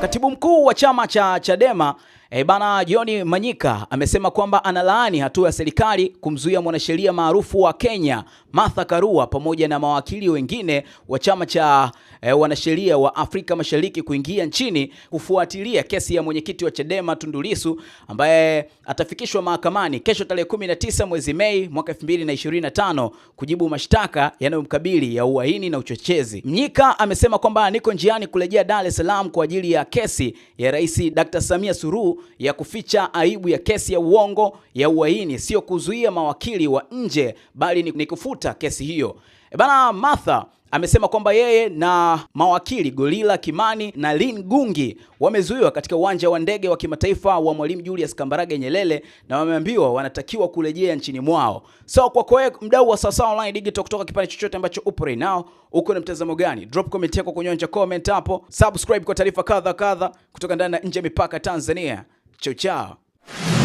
Katibu mkuu wa chama cha Chadema E bana, John Manyika amesema kwamba analaani hatua ya serikali kumzuia mwanasheria maarufu wa Kenya Martha Karua pamoja na mawakili wengine wa chama cha e, wanasheria wa Afrika Mashariki kuingia nchini kufuatilia kesi ya mwenyekiti wa Chadema Tundu Lissu ambaye atafikishwa mahakamani kesho tarehe 19 mwezi Mei mwaka 2025 kujibu mashtaka yanayomkabili ya uhaini na uchochezi. Mnyika amesema kwamba niko njiani kurejea Dar es Salaam kwa ajili ya kesi ya Rais Dr. Samia Suluhu ya kuficha aibu ya kesi ya uongo ya uhaini sio kuzuia mawakili wa nje, bali ni kufuta kesi hiyo. E bana, Martha amesema kwamba yeye na mawakili Golila Kimani na Lin Gungi wamezuiwa katika uwanja wa ndege wa kimataifa wa Mwalimu Julius Kambarage Nyerere na wameambiwa wanatakiwa kurejea nchini mwao. So kwa kwa mdau wa sasa Online Digital, kutoka kipande chochote ambacho upo right now, uko na mtazamo gani? Drop comment yako kunyonja comment hapo, subscribe kwa taarifa kadha kadha kutoka ndani na nje ya mipaka Tanzania. Chao chao.